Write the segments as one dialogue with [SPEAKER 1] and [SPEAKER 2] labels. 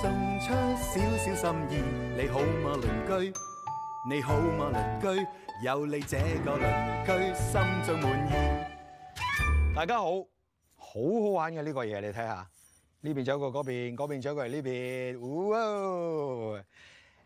[SPEAKER 1] 送出少少心意，你好嗎鄰居？你好嗎鄰居？有你這個鄰居，心中滿意。大家好好好玩嘅呢個嘢，你睇下，呢邊走過嗰邊，嗰邊走過嚟呢邊，哇！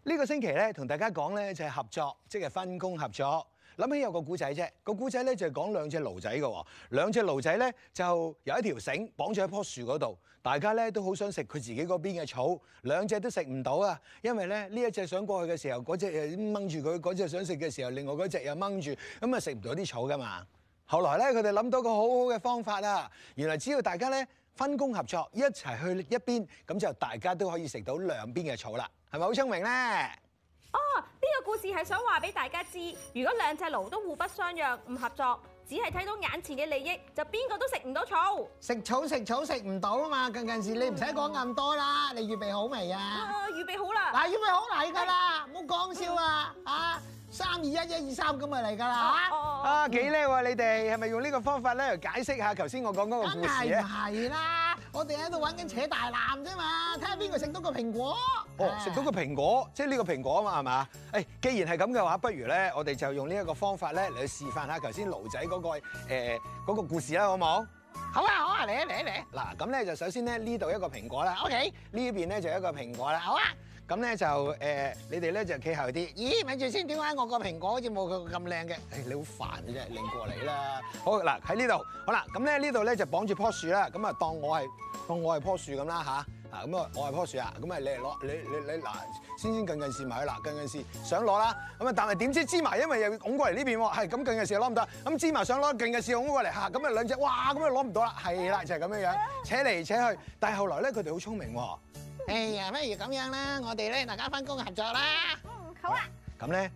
[SPEAKER 1] 呢個星期咧，同大家講咧就係合作，即係分工合作。諗起有個古仔啫，個古仔咧就係講兩隻驢仔嘅喎，兩隻驢仔咧就有一條繩綁住一樖樹嗰度，大家咧都好想食佢自己嗰邊嘅草，兩隻都食唔到啊，因為咧呢一隻想過去嘅時候，嗰隻又掹住佢；嗰隻想食嘅時候，另外嗰隻又掹住，咁啊食唔到啲草㗎嘛。後來咧佢哋諗到個好好嘅方法啦，原來只要大家咧分工合作，一齊去一邊，咁就大家都可以食到兩邊嘅草啦，係咪好聰明咧？啊、oh. 呢個故事係想話俾大家知，如果兩隻驢都互不相讓、唔合作，只係睇到眼前嘅利益，就邊個都食唔到草。食草食草食唔到啊嘛！近近時你唔使講咁多啦，你預備好未啊？啊，預備好啦！嗱，預備好嚟噶啦，唔好講笑啊！啊，三二一，一二三，咁咪嚟噶啦！啊，幾叻喎你哋，係咪用呢個方法咧解釋下頭先我講嗰個故事啊？係啦。我哋喺度玩緊扯大纜啫嘛，睇下邊個食到個蘋果。哦，食到個蘋果，即係呢個蘋果啊嘛，係嘛？誒、哎，既然係咁嘅話，不如咧，我哋就用呢一個方法咧嚟去示範下頭先爐仔嗰、嗰個誒、呃嗰個、故事啦，好冇？好啊，好啊，嚟啊嚟啊嚟！嗱、啊，咁咧就首先咧呢度一個蘋果啦，OK？呢邊咧就一個蘋果啦，好啊。咁咧就誒、呃，你哋咧就企後啲。咦，咪住先，點解我個蘋果好似冇佢咁靚嘅？誒、哎，你好煩嘅啫，拎過嚟啦。好嗱，喺呢度。好啦，咁咧呢度咧就綁住棵樹啦。咁啊，當我係當我係棵樹咁啦吓，啊，咁啊，我係棵樹啊。咁啊，你嚟攞你你你嗱，先先近近試埋佢啦，近近試想攞啦。咁啊，但係點知芝麻因為又要拱過嚟呢邊喎。係咁近近試又攞唔到，咁芝麻想攞近近試拱過嚟吓，咁啊兩隻哇咁啊攞唔到啦，係啦就係咁、就是、樣樣扯嚟扯去。但係後來咧，佢哋好聰明喎。哎呀，不如咁樣啦，我哋咧大家分工合作啦。嗯，好啊。咁咧，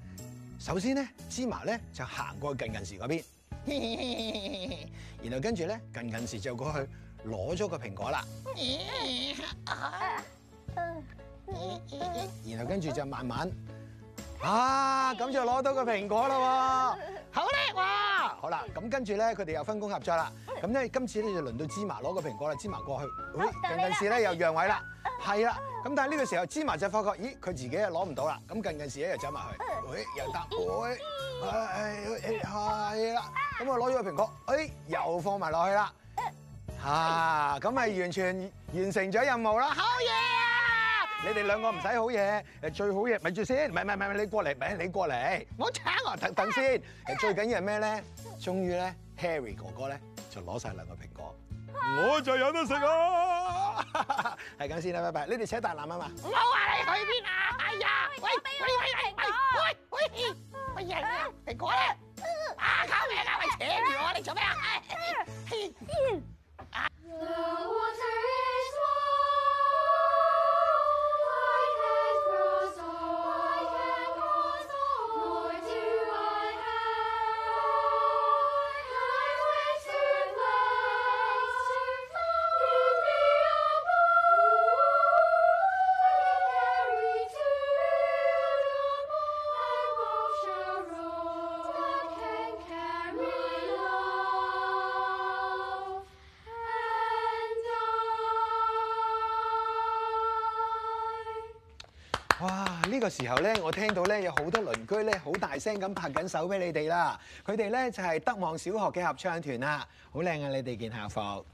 [SPEAKER 1] 首先咧，芝麻咧就行過去近近時嗰邊，然後跟住咧近近時就過去攞咗個蘋果啦。然後跟住就慢慢，啊，咁就攞到個蘋果啦，好
[SPEAKER 2] 叻喎！
[SPEAKER 1] 好啦，咁跟住咧，佢哋又分工合作啦。咁咧，今次咧就輪到芝麻攞個蘋果啦。芝麻過去，喂、哎，近近時咧又讓位啦，係啦。咁但係呢個時候芝麻就發覺，咦，佢自己又攞唔到啦。咁近近時咧又走埋去，喂、哎，又搭喂，係、哎、啦。咁啊攞咗個蘋果，誒、哎、又放埋落去啦。嚇、啊，咁咪完全完成咗任務啦，好嘢！你哋兩個唔使好嘢，誒最好嘢咪住先，咪咪咪咪你過嚟，咪你過嚟，冇搶啊，等等先，誒最緊要係咩咧？終於咧，Harry 哥哥咧就攞晒兩個蘋果，我就有得食啊！係咁先啦，拜拜，你哋扯大攬啊嘛，我話你去邊啊？哎呀，喂喂喂喂喂喂，乜嘢啊？
[SPEAKER 2] 你過嚟，啊救命啊！咪扯住我，你做咩啊？
[SPEAKER 1] 呢個時候咧，我聽到咧有好多鄰居咧，好大聲咁拍緊手俾你哋啦。佢哋咧就係德望小學嘅合唱團啦，好靚啊！你哋件校服，好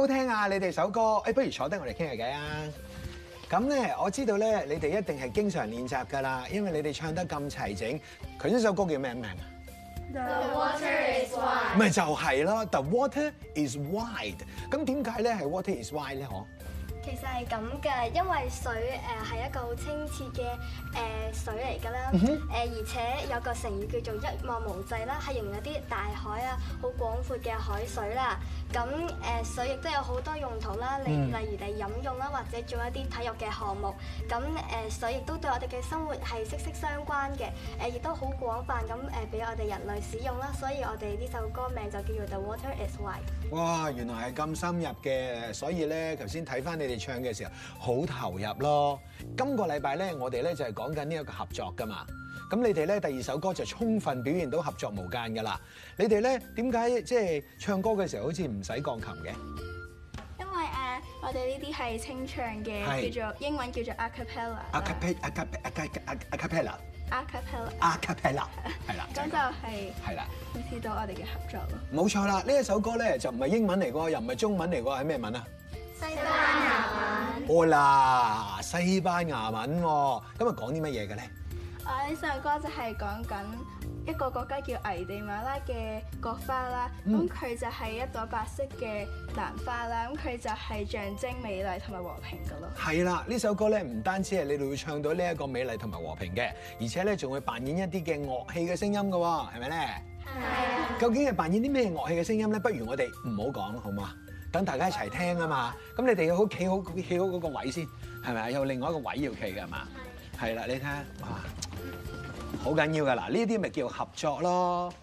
[SPEAKER 1] 好聽啊！你哋首歌，哎，不如坐低我哋傾下偈啊。咁咧，我知道咧，你哋一定係經常練習㗎啦，因為你哋唱得咁齊整。佢呢首歌叫咩名啊
[SPEAKER 2] ？The water is wide。咪
[SPEAKER 1] 就係咯，The water is wide。咁點解咧係 water is wide 咧？嗬？
[SPEAKER 2] 其實係咁嘅，因為水誒係、呃、一個好清澈嘅誒、呃、水嚟㗎啦，誒、mm -hmm. 呃、而且有個成語叫做一望無際啦，係形容一啲大海啊，好廣闊嘅海水啦。咁、啊、誒、呃、水亦都有好多用途啦，例、啊、例如你飲用啦，或者做一啲體育嘅項目。咁、啊、誒、呃、水亦都對我哋嘅生活係息息相關嘅，
[SPEAKER 1] 誒、啊、亦都好廣泛咁誒俾我哋人類使用啦。所以我哋呢首歌名就叫做《The Water Is Wide》。哇，原來係咁深入嘅，所以咧頭先睇返你，唱嘅時候好投入咯。今個禮拜咧，我哋咧就係講緊呢一個合作噶嘛。咁你哋咧第二首歌就充分表現到合作無間噶啦。你哋咧點解即係唱歌嘅時候好似唔使鋼琴嘅？因為誒、呃，我哋呢啲係清唱嘅，
[SPEAKER 2] 叫做
[SPEAKER 1] 英文叫做 a cappella，a cappella，a cappella，a
[SPEAKER 2] cappella，a
[SPEAKER 1] cappella，係啦。咁
[SPEAKER 2] 就係、是、係、就、啦、是，體會到我哋嘅合作咯。
[SPEAKER 1] 冇錯啦，呢一首歌咧就唔係英文嚟噶，又唔係中文嚟噶，係咩文啊？
[SPEAKER 2] 西班牙文，Hola，
[SPEAKER 1] 西班牙文，哦啦，西班牙文，哦，咁啊講啲乜嘢嘅咧？
[SPEAKER 2] 啊、哦，呢首歌就係講緊一個國家叫危地馬拉嘅國花啦，咁、嗯、佢就係一朵白色嘅蘭花啦，咁佢就係象徵美麗同埋和平
[SPEAKER 1] 噶咯。係、嗯、啦，呢首歌咧唔單止係你哋會唱到呢一個美麗同埋和平嘅，而且咧仲會扮演一啲嘅樂器嘅聲音喎。係咪咧？係、啊、究竟係扮演啲咩樂器嘅聲音咧？不如我哋唔好講好嘛？等大家一齊聽啊嘛，咁你哋要好企好企好嗰個位先，係咪？有另外一個位要企㗎嘛？係啦，你睇下，哇，好緊要㗎嗱，呢啲咪叫合作囉。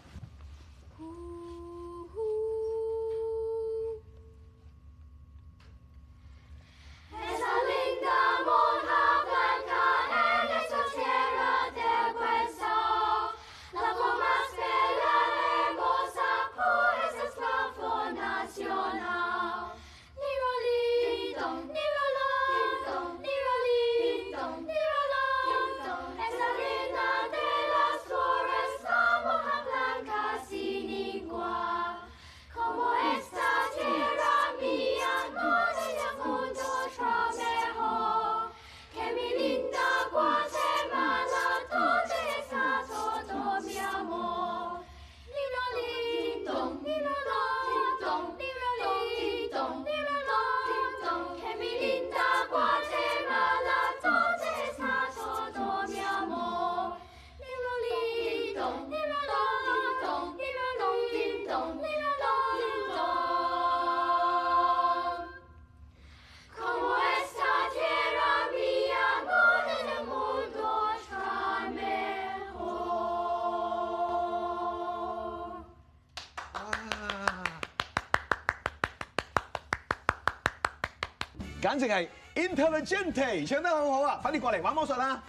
[SPEAKER 1] 反正係 Intelligentie 唱得好好啊！快啲過嚟玩魔術啦！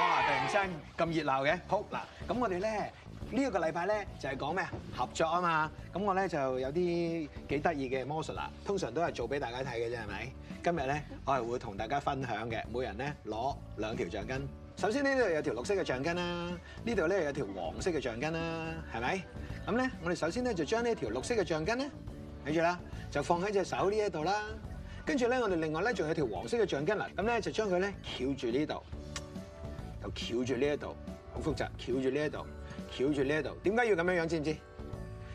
[SPEAKER 1] 哇！突然間咁熱鬧嘅，好嗱，咁我哋咧呢一個禮拜咧就係講咩啊？合作啊嘛！咁我咧就有啲幾得意嘅魔術啦，通常都係做俾大家睇嘅啫，係咪？今日咧我係會同大家分享嘅，每人咧攞兩條橡筋。首先呢度有條綠色嘅橡筋啦，呢度咧有條黃色嘅橡筋啦，係咪？咁咧我哋首先咧就將呢條綠色嘅橡筋咧，睇住啦，就放喺隻手呢一度啦。跟住咧，我哋另外咧仲有條黃色嘅橡筋啦，咁咧就將佢咧翹住呢度，又翹住呢一度，好複雜，翹住呢一度，翹住呢一度，點解要咁樣樣知唔知？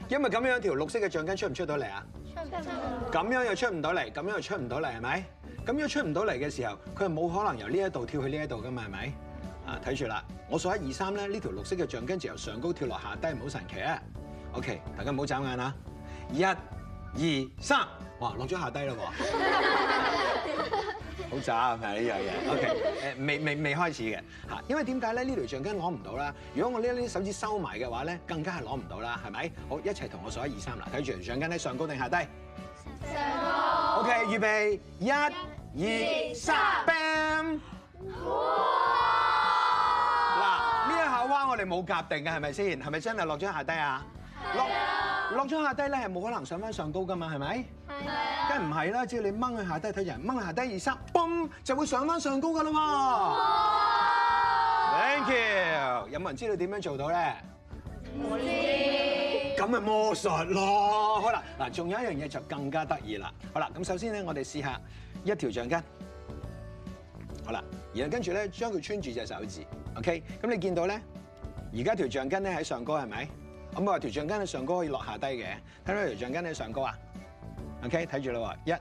[SPEAKER 1] 因為咁樣條綠色嘅橡筋出唔出到嚟啊？出
[SPEAKER 2] 唔出？
[SPEAKER 1] 咁樣又出唔到嚟，咁樣又出唔到嚟，係咪？咁樣出唔到嚟嘅時候，佢係冇可能由呢一度跳去呢一度嘅嘛，係咪？啊，睇住啦，我數一二三咧，呢條綠色嘅橡筋就由上高跳落下低，唔好神奇啊！OK，大家唔好眨眼啊！一、二、三。哇！落咗下低咯喎，好渣啊！呢樣嘢，OK，誒未未未開始嘅嚇，因為點解咧？呢條橡筋攞唔到啦。如果我呢一啲手指收埋嘅話咧，更加係攞唔到啦，係咪？好，一齊同我數一二三啦，睇住條橡筋喺上高定下低？
[SPEAKER 2] 上高。OK，預備
[SPEAKER 1] 一、二、三，哇！
[SPEAKER 2] 嗱，
[SPEAKER 1] 呢一下彎我哋冇夾定嘅係咪先？係咪真係落咗下低啊？落。落咗下低咧，係冇可能上翻上高噶嘛，係咪？係啊！梗唔係啦，只要你掹佢下低，睇人掹佢下低二三嘣，就會上翻上高噶啦喎！Thank you，有冇人知道點樣做到咧？
[SPEAKER 2] 冇咧。咁咪
[SPEAKER 1] 魔術咯，好啦，嗱，仲有一樣嘢就更加得意啦，好啦，咁首先咧，我哋試下一條橡筋，好啦，然後跟住咧將佢穿住隻手指，OK，咁你見到咧，而家條橡筋咧喺上高係咪？咁我話條橡筋喺上高可以落下低嘅，睇到條橡筋喺上高啊，OK，睇住啦喎，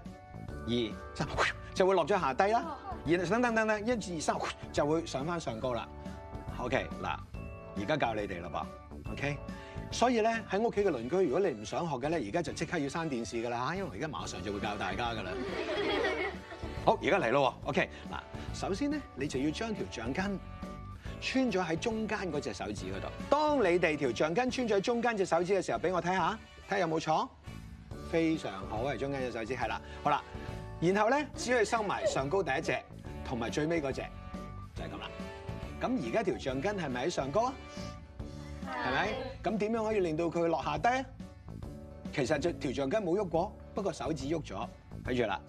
[SPEAKER 1] 一、二、三，就會落咗下低啦。而等等等等，一至二三，就會上翻上高啦。OK，嗱，而家教你哋啦噃，OK。所以咧喺屋企嘅鄰居，如果你唔想學嘅咧，而家就即刻要閂電視噶啦嚇，因為而家馬上就會教大家噶啦。好，而家嚟咯，OK，嗱，首先咧你就要將條橡筋。穿咗喺中間嗰隻手指嗰度。當你哋條橡筋穿咗喺中間隻手指嘅時候，俾我睇下，睇下有冇錯。非常好，係中間隻手指，係啦，好啦。然後咧只可以收埋上高第一隻，隻，同埋最尾嗰隻就係咁啦。咁而家條橡筋係咪喺上高啊？係咪？咁點樣可以令到佢落下低啊？其實條橡筋冇喐過，不過手指喐咗。睇住啦，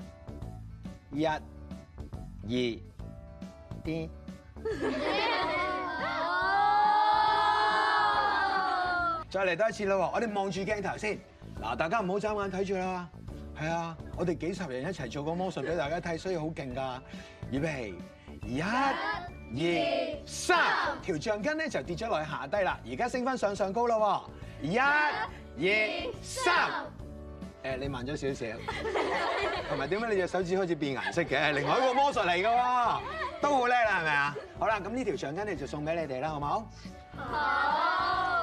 [SPEAKER 1] 一、二、啲。再嚟多一次咯，我哋望住鏡頭先。嗱，大家唔好眨眼睇住啦。係啊，我哋幾十人一齊做個魔術俾大家睇，所以好勁噶。預備一、二、三，條橡筋咧就跌咗落去下低啦。而家升翻上上高咯。一、二、三。誒，你慢咗少少。同埋點解你隻手指開始變顏色嘅？另外一個魔術嚟噶，都好叻啦，係咪啊？好啦，咁呢條橡筋咧就送俾你哋啦，好冇？好。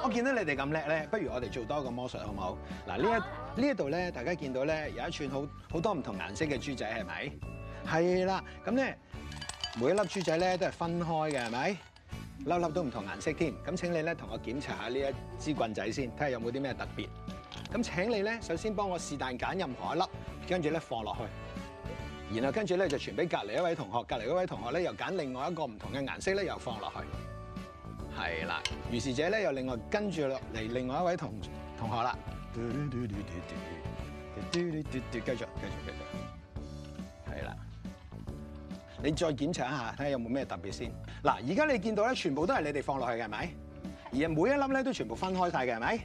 [SPEAKER 1] 我見到你哋咁叻咧，不如我哋做多個魔術好唔好？嗱，呢一呢一度咧，大家見到咧有一串好好多唔同顏色嘅珠仔，係咪？係啦，咁咧每一粒珠仔咧都係分開嘅，係咪？粒粒都唔同顏色添。咁請你咧同我檢查下呢一支棍仔先，睇下有冇啲咩特別。咁請你咧首先幫我是但揀任何一粒，跟住咧放落去，然後跟住咧就傳俾隔離一位同學，隔離一位同學咧又揀另外一個唔同嘅顏色咧又放落去。係啦，於是者咧又另外跟住落嚟另外一位同同學啦。嘟嘟嘟嘟嘟嘟嘟嘟嘟嘟，繼續繼續繼續。係啦，你再檢查一下，睇下有冇咩特別先。嗱，而家你見到咧，全部都係你哋放落去嘅，係咪？係。而每一粒咧都全部分開晒嘅，係咪？係。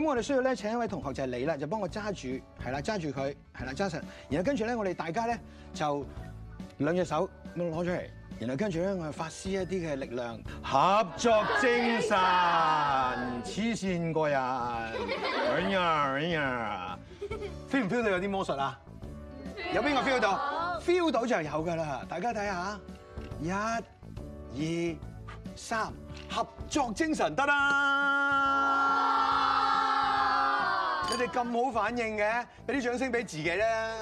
[SPEAKER 1] 咁我哋需要咧請一位同學就係、是、你啦，就幫我揸住，係啦揸住佢，係啦揸實，然後跟住咧我哋大家咧就兩隻手攞出嚟。然後跟住咧，我係發施一啲嘅力量合，合作精神，黐線過人，嚟啊嚟啊，feel 唔 feel 到有啲魔術啊？
[SPEAKER 2] 有邊個 feel 到？feel
[SPEAKER 1] 到就有㗎啦！大家睇下，一、二、三，合作精神得啦！你哋咁好反應嘅，俾啲掌聲俾自己啦！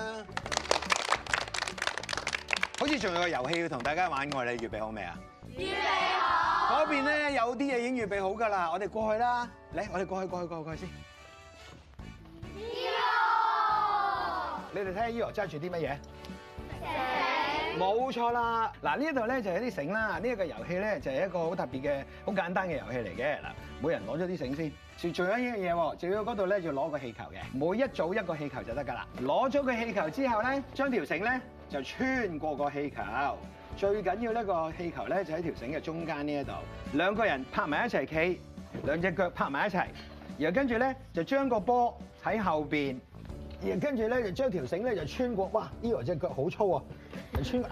[SPEAKER 1] 好似仲有個遊戲要同大家玩，我哋預備好未啊？
[SPEAKER 2] 預備好。嗰邊
[SPEAKER 1] 咧有啲嘢已經預備好噶啦，我哋過去啦。嚟，我哋過去過去過去，過去
[SPEAKER 2] 先
[SPEAKER 1] ，e e。去先！你哋睇下 UO 揸住啲乜嘢？
[SPEAKER 2] 冇
[SPEAKER 1] 錯啦。嗱，呢度咧就係啲繩啦。呢一個遊戲咧就係一個好特別嘅，好簡單嘅遊戲嚟嘅。嗱，每人攞咗啲繩先繩子，最最緊要嘢，仲要嗰度咧要攞個氣球嘅，每一組一個氣球就得噶啦。攞咗個氣球之後咧，將條繩咧。就穿過個氣球，最緊要呢個氣球咧就喺條繩嘅中間呢一度，兩個人拍埋一齊企，兩隻腳拍埋一齊，然後跟住咧就將個波喺後面。然後跟住咧就將條繩咧就穿過，哇！呢度隻腳好粗啊，就穿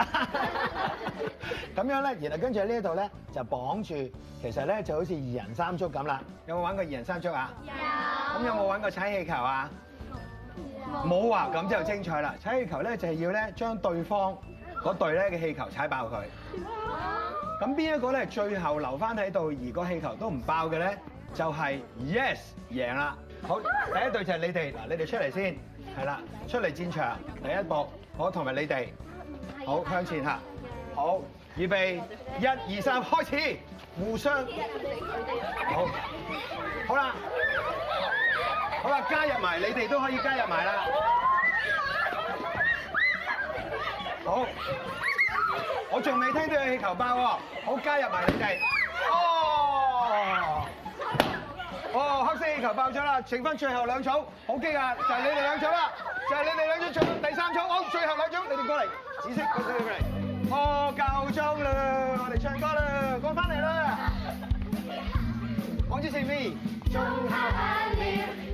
[SPEAKER 1] 咁樣咧，然後跟住呢一度咧就綁住，其實咧就好似二人三足咁啦。有冇玩過二人三足啊？有。咁有冇玩過踩氣球啊？冇啊！咁就精彩啦！踩氣球咧就係要咧將對方嗰隊咧嘅氣球踩爆佢。咁邊一個咧最後留翻喺度，而個氣球都唔爆嘅咧，就係 yes 贏啦！好，第一隊就係你哋嗱，你哋出嚟先，係啦，出嚟戰場，第一步，我同埋你哋，好向前行，好，預備，一、二、三，開始，互相好，好啦。好啦，加入埋，你哋都可以加入埋啦。好，我仲未聽到有氣球爆，好加入埋你哋。哦，哦，黑色氣球爆咗啦，剩翻最後兩組，好激烈，就係你哋兩組啦，就係你哋兩組唱第三組，好，最後兩組，你哋過嚟，紫色，過嚟，哦，夠鐘啦，我哋唱歌啦，過翻嚟啦，望住前面。